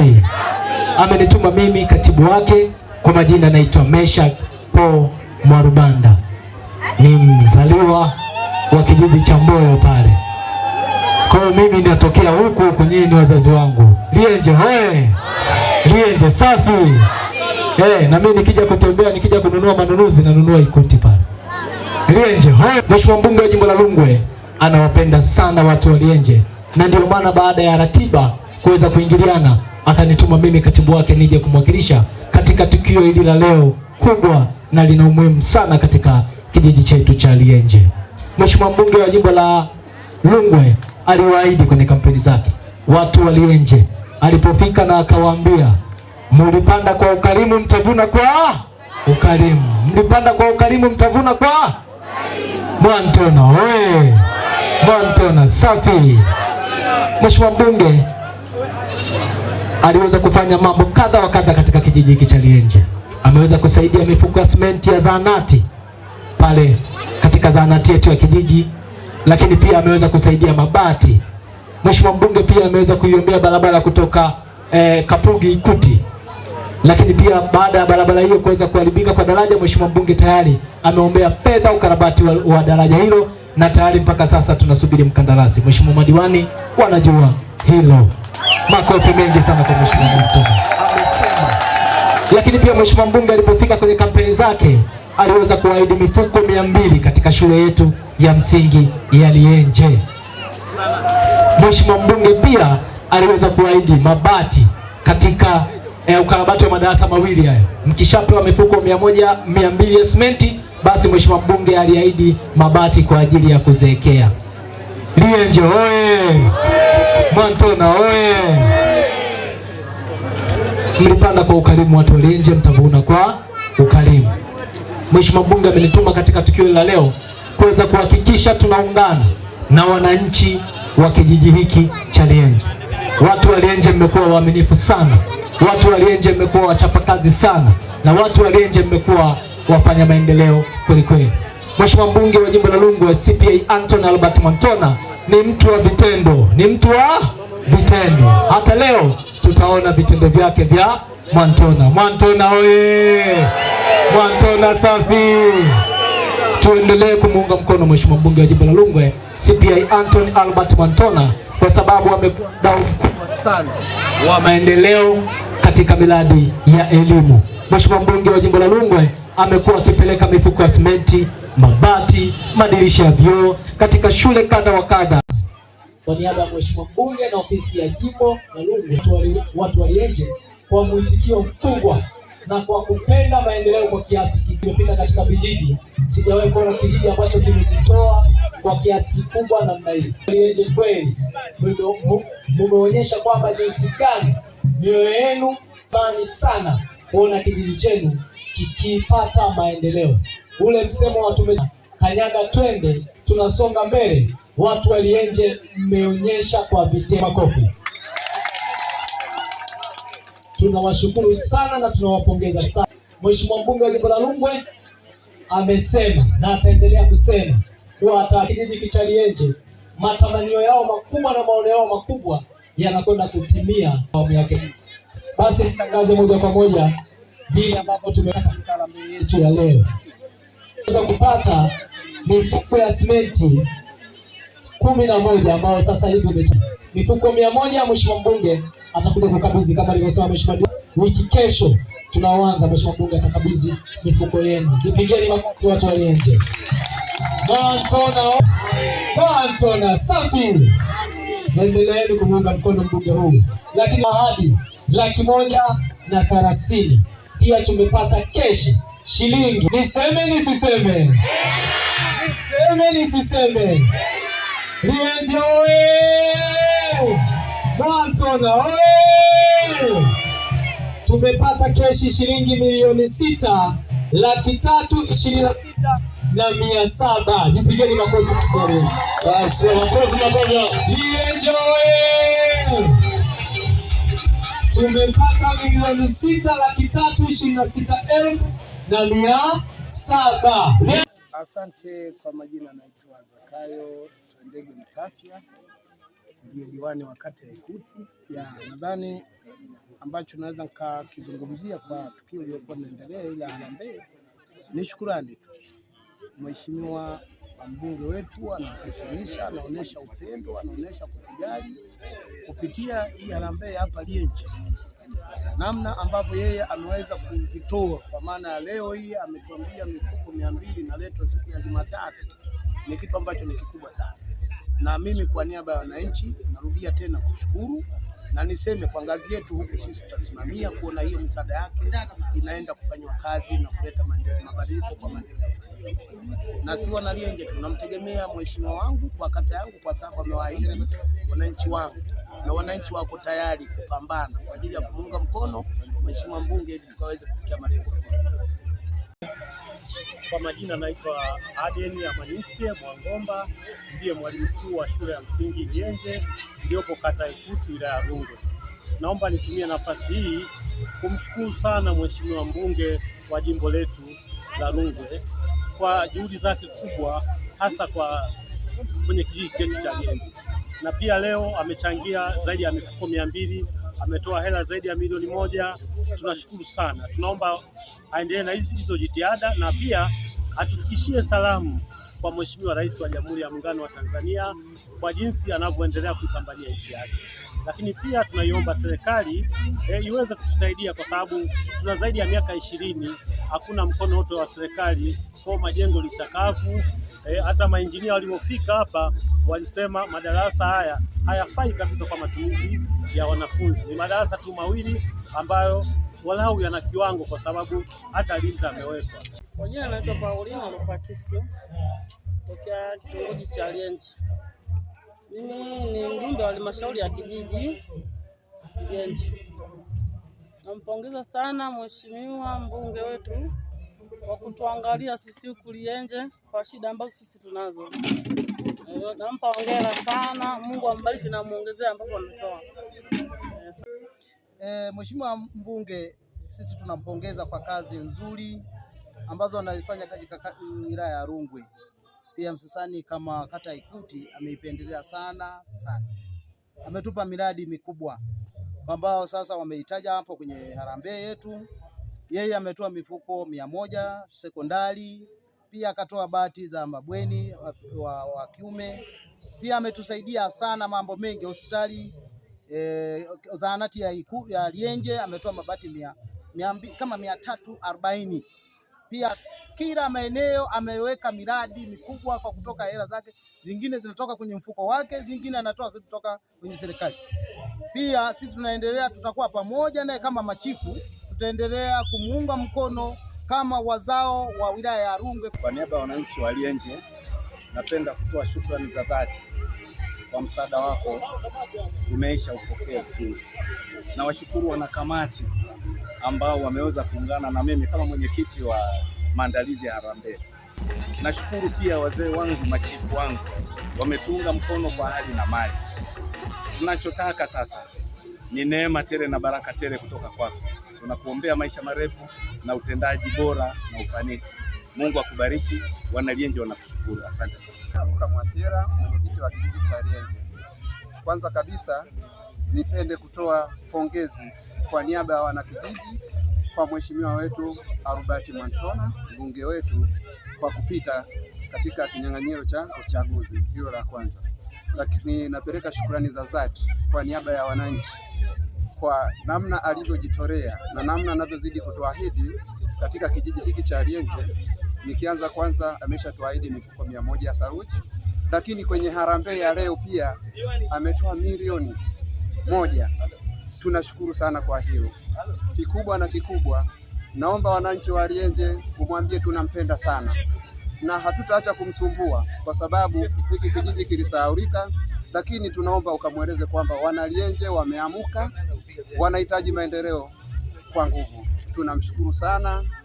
safi. Amenituma mimi katibu wake, kwa majina naitwa Mesha po Mwarubanda, ni mzaliwa wa kijiji cha Mboyo pale. Kwa hiyo mimi natokea huku huku, nyinyi ni wazazi wangu. Lienje hoye! Lienje safi! Hey, na mimi nikija kutembea nikija kununua manunuzi nanunua Ikuti pale. Lienje Mheshimiwa mbunge wa jimbo la lungwe anawapenda sana watu wa Lienje, na ndio maana baada ya ratiba kuweza kuingiliana akanituma mimi katibu wake nije kumwakilisha katika tukio hili la leo kubwa na lina umuhimu sana katika kijiji chetu cha Lienje. Mheshimiwa mbunge wa jimbo la lungwe aliwaahidi kwenye kampeni zake watu wa Lienje alipofika, na akawaambia mlipanda kwa ukarimu mtavuna kwa ukarimu, mlipanda kwa ukarimu mtavuna kwa Mwantona. We Mwantona, safi. Mheshimiwa mbunge aliweza kufanya mambo kadha wa kadha katika kijiji hiki cha Lienje. Ameweza kusaidia mifuko ya simenti ya zahanati pale katika zahanati yetu ya kijiji, lakini pia ameweza kusaidia mabati. Mheshimiwa mbunge pia ameweza kuiombea barabara kutoka eh, Kapugi Ikuti, lakini pia baada ya barabara hiyo kuweza kuharibika kwa daraja, Mheshimiwa mbunge tayari ameombea fedha ukarabati wa, wa daraja hilo na tayari mpaka sasa tunasubiri mkandarasi. Mheshimiwa madiwani wanajua hilo. Makofi mengi sana kwa mheshimiwa mbunge amesema. Lakini pia mheshimiwa mbunge alipofika kwenye kampeni zake aliweza kuahidi mifuko mia mbili katika shule yetu ya msingi ya Lienje. Mheshimiwa mbunge pia aliweza kuahidi mabati katika eh, ukarabati wa madarasa mawili hayo. Mkishapewa mifuko mia moja mia mbili ya simenti, basi mheshimiwa mbunge aliahidi mabati kwa ajili ya kuzeekea. Lienje oye! mantona oye! Mlipanda kwa ukarimu, watu wa Lienje mtavuna kwa ukarimu. Mheshimiwa Mbunge amenituma katika tukio la leo kuweza kuhakikisha tunaungana na wananchi wa kijiji hiki cha Lienje. Watu wa Lienje mmekuwa waaminifu sana, watu wa Lienje mmekuwa wachapakazi sana, na watu wa Lienje mmekuwa wafanya maendeleo kweli kweli. Mheshimiwa mbunge wa jimbo la Lungu wa CPA Anton Albert Mwantona ni mtu wa vitendo, ni mtu wa vitendo. Hata leo tutaona vitendo vyake vya Mwantona. Mwantona oye! Mwantona safi! Tuendelee kumuunga mkono Mheshimiwa mbunge wa jimbo la Lungu CPA Anton Albert Mwantona kwa sababu amekuwa mdau mkubwa sana wa maendeleo katika miradi ya elimu. Mheshimiwa mbunge wa jimbo la Lungwe amekuwa akipeleka mifuko ya simenti mabati, madirisha ya vioo katika shule kadha wa kadha. Kwa niaba ya Mheshimiwa Mbunge na ofisi ya jimbo na Lungwe, watu walienje kwa mwitikio mkubwa na kwa kupenda maendeleo kwa kiasi kilichopita katika vijiji. Sijawahi kuona kijiji ambacho kimejitoa kwa kiasi kikubwa namna hii. Lienje kweli mumeonyesha kwamba jinsi gani mioyo yenu mani sana kuona kijiji chenu kikipata maendeleo ule msemo wa kanyaga twende tunasonga mbele. Watu walienje, mmeonyesha kwa vitendo. Makofi. Tunawashukuru sana na tunawapongeza sana. Mheshimiwa mbunge wa jimbo la Rungwe amesema na ataendelea kusema kuwa kijiji cha matamanio yao makubwa na maono yao makubwa yanakwenda kutimia awamu yake. Basi nitangaze moja kwa moja vile ambavyo tumeweka katika rambi yetu ya leo za kupata mifuko ya simenti kumi na moja ambayo sasa hivi ni mifuko mia moja Mheshimiwa mbunge atakuja kukabidhi kama alivyosema Mheshimiwa wiki kesho tunaoanza, Mheshimiwa mbunge atakabidhi mifuko yenu. Vipigeni makofi watu wa Nyenje. Mwantona safi, endeleeni kumuunga mkono mbunge huu. Lakini ahadi laki moja na thelathini pia tumepata keshi shilingi. Niseme nisiseme? Niseme nisiseme? Lienje oye! Mwantona oye! Tumepata keshi shilingi milioni sita laki tatu ishirini na sita na mia saba. Jipigeni makofi. Lienje oye! Tumepata milioni sita laki tatu ishirini na sita elfu na mia saba. Asante kwa majina, naitwa Zakayo Twendege Mtafya, ndiye diwani wa kata ya Ikuti. Ya nadhani ambacho naweza nikakizungumzia kwa tukio lililokuwa linaendelea ila Harambee ni shukurani tu, mheshimiwa mbunge wetu anatuheshimisha, anaonyesha upendo, anaonyesha kutujali kupitia hii harambee hapa Lienje namna ambavyo yeye ameweza kuvitoa. Kwa maana ya leo hii ametuambia mifuko mia mbili inaletwa siku ya Jumatatu, ni kitu ambacho ni kikubwa sana, na mimi kwa niaba ya wananchi narudia tena kushukuru na niseme kwa ngazi yetu huku sisi tutasimamia kuona hiyo misaada yake inaenda kufanywa kazi na kuleta mabadiliko kwa maendeleo, na si Wanalienge tunamtegemea mheshimiwa wangu kwa kata yangu, kwa sababu amewaahidi wananchi wangu na wananchi wako tayari kupambana kwa ajili ya kumuunga mkono mheshimiwa mbunge ili tukaweze kufikia malengo. Kwa majina naitwa Aden Amanisie Mwangomba, ndiye mwalimu mkuu wa shule ya msingi Nyenje iliyopo kata Ikuti, wilaya ya Rungwe. Naomba nitumie nafasi hii kumshukuru sana mheshimiwa mbunge wa jimbo letu la Rungwe kwa juhudi zake kubwa hasa kwa kwenye kijiji chetu cha Nyenje na pia leo amechangia zaidi ya mifuko mia mbili, ametoa hela zaidi ya milioni moja. Tunashukuru sana, tunaomba aendelee na hizo jitihada na pia atufikishie salamu kwa Mheshimiwa Rais wa Jamhuri ya Muungano wa Tanzania kwa jinsi anavyoendelea kuipambania nchi yake, lakini pia tunaiomba serikali e, iweze kutusaidia kwa sababu tuna zaidi ya miaka ishirini hakuna mkono wote wa serikali kwa majengo lichakavu. E, hata mainjinia walipofika hapa walisema madarasa haya hayafai kabisa kwa matumizi ya wanafunzi. Ni madarasa tu mawili ambayo walau yana kiwango, kwa sababu hata linta amewekwa. Kwa jina naitwa Paulina Lupakisyo tokea kitongoji cha Lyenje. Mimi ni mjumbe wa halmashauri ya kijiji Lyenje. Nampongeza sana mheshimiwa mbunge wetu kwa kutuangalia sisi huku Lyenje kwa shida ambazo sisi tunazo. Eh, nampa hongera sana, Mungu ambariki na muongezee ambapo ametoa. Yes. Eh, eh, mheshimiwa mbunge, sisi tunampongeza kwa kazi nzuri ambazo anazifanya katika wilaya ya Rungwe. Pia Msasani kama kata Ikuti ameipendelea sana sana, ametupa miradi mikubwa ambao sasa wameitaja hapo kwenye harambee yetu. Yeye ametoa mifuko mia moja sekondari, pia akatoa bati za mabweni wa, wa, wa kiume. Pia ametusaidia sana mambo mengi, hospitali e, zahanati ya, ya Lienje ametoa mabati mia, mia, kama mia tatu arobaini. Pia kila maeneo ameweka miradi mikubwa kwa kutoka hela zake, zingine zinatoka kwenye mfuko wake, zingine anatoa kutoka kwenye serikali. Pia sisi tunaendelea, tutakuwa pamoja naye kama machifu, tutaendelea kumuunga mkono kama wazao wa wilaya ya Rungwe. Kwa niaba ya wananchi wa Lyenje, napenda kutoa shukrani za dhati kwa msaada wako, tumeisha upokea vizuri. Nawashukuru wanakamati ambao wameweza kuungana na mimi kama mwenyekiti wa maandalizi ya harambee. Nashukuru pia wazee wangu, machifu wangu wametuunga mkono kwa hali na mali. Tunachotaka sasa ni neema tele na baraka tele kutoka kwako. Tunakuombea maisha marefu na utendaji bora na ufanisi. Mungu akubariki. Wanalienje wanakushukuru, asante sana. Luka Mwasira, mwenyekiti wa kijiji cha Lienje. Kwanza kabisa nipende kutoa pongezi kwa niaba ya wanakijiji kwa mheshimiwa wetu Albert Mwantona mbunge wetu kwa kupita katika kinyang'anyiro cha uchaguzi, hilo la kwanza. Lakini napeleka shukrani za dhati kwa niaba ya wananchi kwa namna alivyojitolea na namna anavyozidi kutuahidi katika kijiji hiki cha Lyenje. Nikianza kwanza, ameshatuahidi mifuko mia moja ya saruji, lakini kwenye harambee ya leo pia ametoa milioni moja tunashukuru sana kwa hilo. Kikubwa na kikubwa, naomba wananchi wa rienje kumwambie tunampenda sana na hatutaacha kumsumbua kwa sababu hiki kijiji kilisahaulika, lakini tunaomba ukamweleze kwamba wanalienje wameamuka, wanahitaji maendeleo kwa nguvu. Tunamshukuru sana.